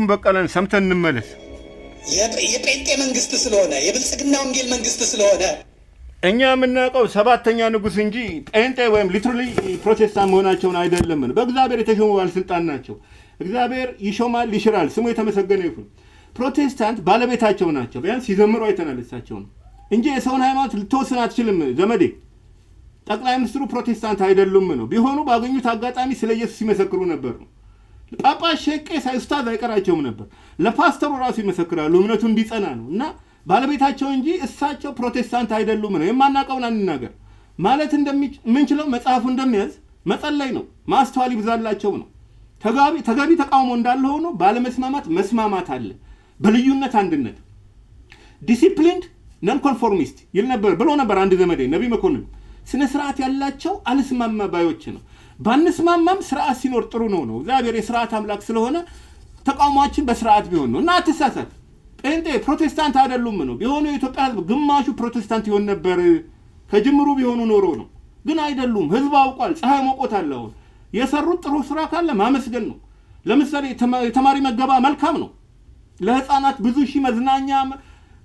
አሁን በቀለን ሰምተን እንመለስ። የጴንጤ መንግስት ስለሆነ የብልጽግና ወንጌል መንግስት ስለሆነ እኛ የምናውቀው ሰባተኛ ንጉስ እንጂ ጴንጤ ወይም ሊትራሊ ፕሮቴስታንት መሆናቸውን አይደለምን። በእግዚአብሔር የተሾሙ ባለስልጣን ናቸው። እግዚአብሔር ይሾማል ይሽራል፣ ስሙ የተመሰገነ ይሁን። ፕሮቴስታንት ባለቤታቸው ናቸው። ቢያንስ ሲዘምሩ አይተናል እሳቸውን እንጂ የሰውን ሃይማኖት ልትወስን አትችልም ዘመዴ። ጠቅላይ ሚኒስትሩ ፕሮቴስታንት አይደሉም ነው። ቢሆኑ ባገኙት አጋጣሚ ስለ ኢየሱስ ሲመሰክሩ ነበር ነው ጳጳስ ሸቄ ሳይስታዝ አይቀራቸውም ነበር። ለፓስተሩ ራሱ ይመሰክራሉ። እምነቱ እንዲጸና ነው እና ባለቤታቸው እንጂ እሳቸው ፕሮቴስታንት አይደሉም ነው። የማናቀውን አንናገር ማለት እንደምንችለው መጽሐፉ እንደሚያዝ መጸለይ ነው። ማስተዋል ይብዛላቸው ነው። ተገቢ ተቃውሞ እንዳለ ሆኖ ባለመስማማት መስማማት አለ። በልዩነት አንድነት ዲሲፕሊንድ ነን ኮንፎርሚስት ይል ነበር ብሎ ነበር አንድ ዘመዴ ነቢይ መኮንን። ስነ ስርዓት ያላቸው አልስማማ ባዮች ነው። ባንስማማም ስርዓት ሲኖር ጥሩ ነው ነው እግዚአብሔር የስርዓት አምላክ ስለሆነ ተቃውሟችን በስርዓት ቢሆን ነው እና አትሳሳት። ጴንጤ ፕሮቴስታንት አይደሉም ነው ቢሆኑ የኢትዮጵያ ህዝብ ግማሹ ፕሮቴስታንት ይሆን ነበር ከጅምሩ ቢሆኑ ኖሮ ነው። ግን አይደሉም። ህዝብ አውቋል። ፀሐይ ሞቆት አለው። የሰሩት ጥሩ ስራ ካለ ማመስገን ነው። ለምሳሌ የተማሪ መገባ መልካም ነው። ለህፃናት ብዙ ሺህ መዝናኛ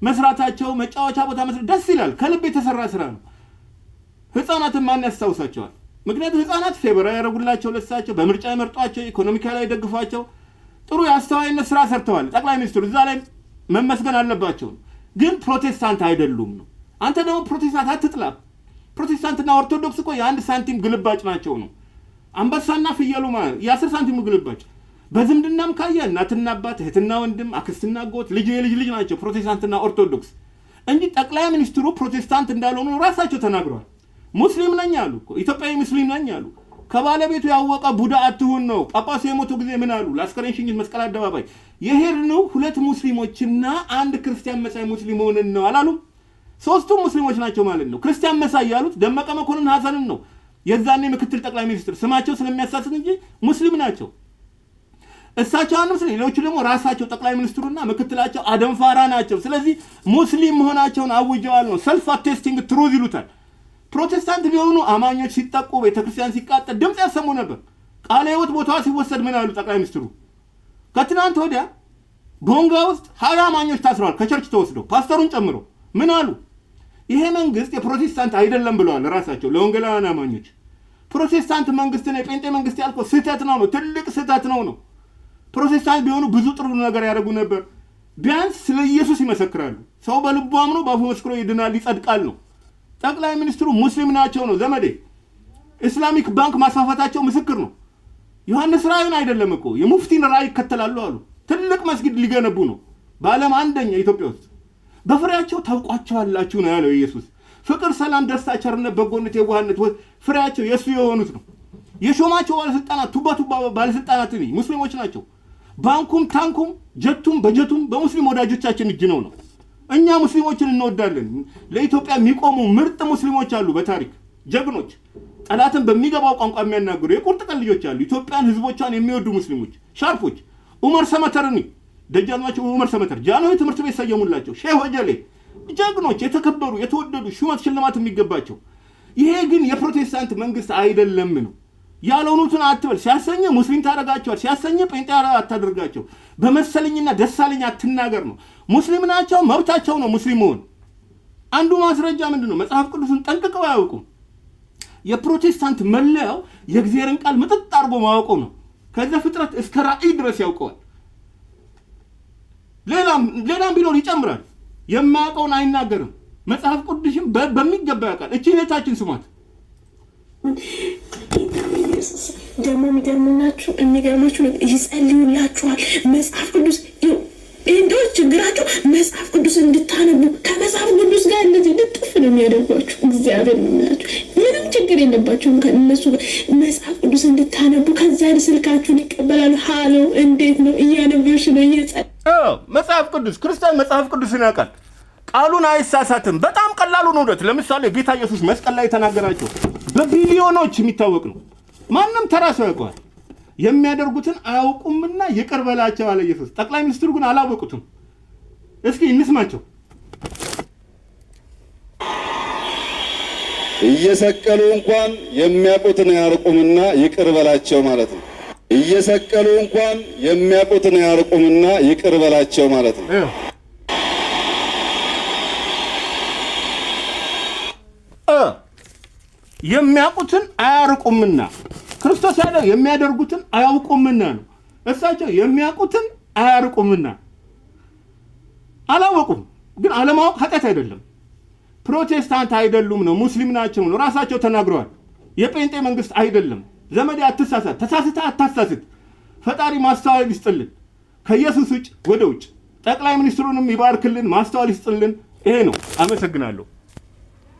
መስራታቸው መጫወቻ ቦታ መስራት ደስ ይላል። ከልብ የተሰራ ስራ ነው። ህፃናትን ማን ያስታውሳቸዋል? ምክንያቱም ህጻናት ፌቨራ ያደረጉላቸው ለሳቸው በምርጫ የመርጧቸው ኢኮኖሚካ ላይ ደግፏቸው ጥሩ የአስተዋይነት ስራ ሰርተዋል ጠቅላይ ሚኒስትሩ እዛ ላይ መመስገን አለባቸው ግን ፕሮቴስታንት አይደሉም ነው አንተ ደግሞ ፕሮቴስታንት አትጥላ ፕሮቴስታንትና ኦርቶዶክስ እኮ የአንድ ሳንቲም ግልባጭ ናቸው ነው አንበሳና ፍየሉ የአስር ሳንቲም ግልባጭ በዝምድናም ካየ እናትና አባት እህትና ወንድም አክስትና ጎት ልጅ የልጅ ልጅ ናቸው ፕሮቴስታንትና ኦርቶዶክስ እንጂ ጠቅላይ ሚኒስትሩ ፕሮቴስታንት እንዳልሆኑ ራሳቸው ተናግሯል። ሙስሊም ነኝ አሉ። ኢትዮጵያዊ ሙስሊም ነኝ አሉ። ከባለቤቱ ያወቀ ቡዳ አትሁን ነው። ጳጳሱ የሞቱ ጊዜ ምን አሉ? ለአስከሬን ሽኝት መስቀል አደባባይ የሄድነው ሁለት ሙስሊሞችና አንድ ክርስቲያን መሳይ ሙስሊም ሆነን ነው አላሉ። ሶስቱም ሙስሊሞች ናቸው ማለት ነው። ክርስቲያን መሳይ ያሉት ደመቀ መኮንን ሀሰንን ነው። የዛኔ ምክትል ጠቅላይ ሚኒስትር ስማቸው ስለሚያሳስን እንጂ ሙስሊም ናቸው። እሳቸው አንድ ሙስሊም፣ ሌሎቹ ደግሞ ራሳቸው ጠቅላይ ሚኒስትሩና ምክትላቸው አደንፋራ ናቸው። ስለዚህ ሙስሊም መሆናቸውን አውጀዋል ነው። ሰልፍ አቴስቲንግ ትሩዝ ይሉታል። ፕሮቴስታንት ቢሆኑ አማኞች ሲጠቁ፣ ቤተክርስቲያን ሲቃጠል ድምፅ ያሰሙ ነበር። ቃለ ሕይወት ቦታዋ ሲወሰድ ምን አሉ ጠቅላይ ሚኒስትሩ? ከትናንት ወዲያ ቦንጋ ውስጥ ሀያ አማኞች ታስረዋል፣ ከቸርች ተወስደው ፓስተሩን ጨምሮ ምን አሉ? ይሄ መንግስት የፕሮቴስታንት አይደለም ብለዋል ራሳቸው ለወንጌላውያን አማኞች። ፕሮቴስታንት መንግስት ነው የጴንጤ መንግስት ያልከው ስህተት ነው ነው፣ ትልቅ ስህተት ነው ነው። ፕሮቴስታንት ቢሆኑ ብዙ ጥሩ ነገር ያደርጉ ነበር። ቢያንስ ስለ ኢየሱስ ይመሰክራሉ። ሰው በልቡ አምኖ በአፉ መስክሮ ይድናል፣ ይጸድቃል ነው ጠቅላይ ሚኒስትሩ ሙስሊም ናቸው ነው ዘመዴ። ኢስላሚክ ባንክ ማስፋፋታቸው ምስክር ነው። ዮሐንስ ራዩን አይደለም እኮ የሙፍቲን ራይ ይከተላሉ አሉ። ትልቅ መስጊድ ሊገነቡ ነው፣ በዓለም አንደኛ ኢትዮጵያ ውስጥ። በፍሬያቸው ታውቋቸዋላችሁ ነው ያለው ኢየሱስ። ፍቅር፣ ሰላም፣ ደስታ፣ ቸርነት፣ በጎነት፣ የዋህነት ፍሬያቸው የእሱ የሆኑት ነው። የሾማቸው ባለስልጣናት ቱባ ቱባ ባለስልጣናት ሙስሊሞች ናቸው። ባንኩም ታንኩም ጀቱም በጀቱም በሙስሊም ወዳጆቻችን እጅ ነው ነው እኛ ሙስሊሞችን እንወዳለን። ለኢትዮጵያ የሚቆሙ ምርጥ ሙስሊሞች አሉ፣ በታሪክ ጀግኖች፣ ጠላትን በሚገባው ቋንቋ የሚያናግሩ የቁርጥ ቀን ልጆች አሉ። ኢትዮጵያን ህዝቦቿን የሚወዱ ሙስሊሞች ሻርፎች፣ ኡመር ሰመተርኒ ደጃዝማች ኡመር ሰመተር ጃንሆይ ትምህርት ቤት ሰየሙላቸው። ሼህ ወጀሌ ጀግኖች፣ የተከበሩ የተወደዱ ሹመት ሽልማት የሚገባቸው። ይሄ ግን የፕሮቴስታንት መንግስት አይደለም ነው ያልሆኑትን አትበል። ሲያሰኘ ሙስሊም ታደርጋቸዋል፣ ሲያሰኘ ጴንጤ አታደርጋቸው። በመሰለኝና ደሳለኝ አትናገር ነው። ሙስሊም ናቸው፣ መብታቸው ነው ሙስሊም መሆን። አንዱ ማስረጃ ምንድን ነው? መጽሐፍ ቅዱስን ጠንቅቀው አያውቁም። የፕሮቴስታንት መለያው የእግዚአብሔርን ቃል ምጥጥ አድርጎ ማወቁ ነው። ከዚ ፍጥረት እስከ ራእይ ድረስ ያውቀዋል። ሌላም ቢሆን ይጨምራል። የማያውቀውን አይናገርም። መጽሐፍ ቅዱስም በሚገባ ያውቃል። እቺ እህታችን ስሟት ደግሞ የሚገርሙናችሁ የሚገርማችሁ ይጸልዩላችኋል። መጽሐፍ ቅዱስ እንደው ችግራችሁ መጽሐፍ ቅዱስ እንድታነቡ ከመጽሐፍ ቅዱስ ጋር እንደዚህ ልጥፍ ነው የሚያደርጓችሁ። እግዚአብሔር የሚላችሁ ምንም ችግር የለባቸውም ከእነሱ ጋር መጽሐፍ ቅዱስ እንድታነቡ። ከዛ ስልካችሁን ይቀበላሉ። ሀሎ እንዴት ነው እያነብሽ ነው እየጸ መጽሐፍ ቅዱስ ክርስቲያን መጽሐፍ ቅዱስን ያውቃል። ቃሉን አይሳሳትም። በጣም ቀላሉን ውደት ለምሳሌ ጌታ ኢየሱስ መስቀል ላይ የተናገራቸው በቢሊዮኖች የሚታወቅ ነው። ማንም ተራ ሰው ያውቀዋል። የሚያደርጉትን አያውቁምና ይቅር በላቸው አለ ኢየሱስ። ጠቅላይ ሚኒስትሩ ግን አላወቁትም። እስኪ እንስማቸው። እየሰቀሉ እንኳን የሚያውቁትን አያርቁምና ይቅር በላቸው ማለት ነው። እየሰቀሉ እንኳን የሚያውቁትን አያርቁምና ይቅር በላቸው ማለት ነው። የሚያውቁትን አያርቁምና ክርስቶስ ያለው የሚያደርጉትን አያውቁምና ነው። እሳቸው የሚያውቁትን አያርቁምና አላወቁም። ግን አለማወቅ ኃጢአት አይደለም። ፕሮቴስታንት አይደሉም ነው፣ ሙስሊም ናቸው ነው። ራሳቸው ተናግረዋል። የጴንጤ መንግስት አይደለም። ዘመዴ አትሳሳት፣ ተሳስተ አታሳስት። ፈጣሪ ማስተዋል ይስጥልን፣ ከኢየሱስ ውጭ ወደ ውጭ ጠቅላይ ሚኒስትሩንም ይባርክልን፣ ማስተዋል ይስጥልን። ይሄ ነው። አመሰግናለሁ።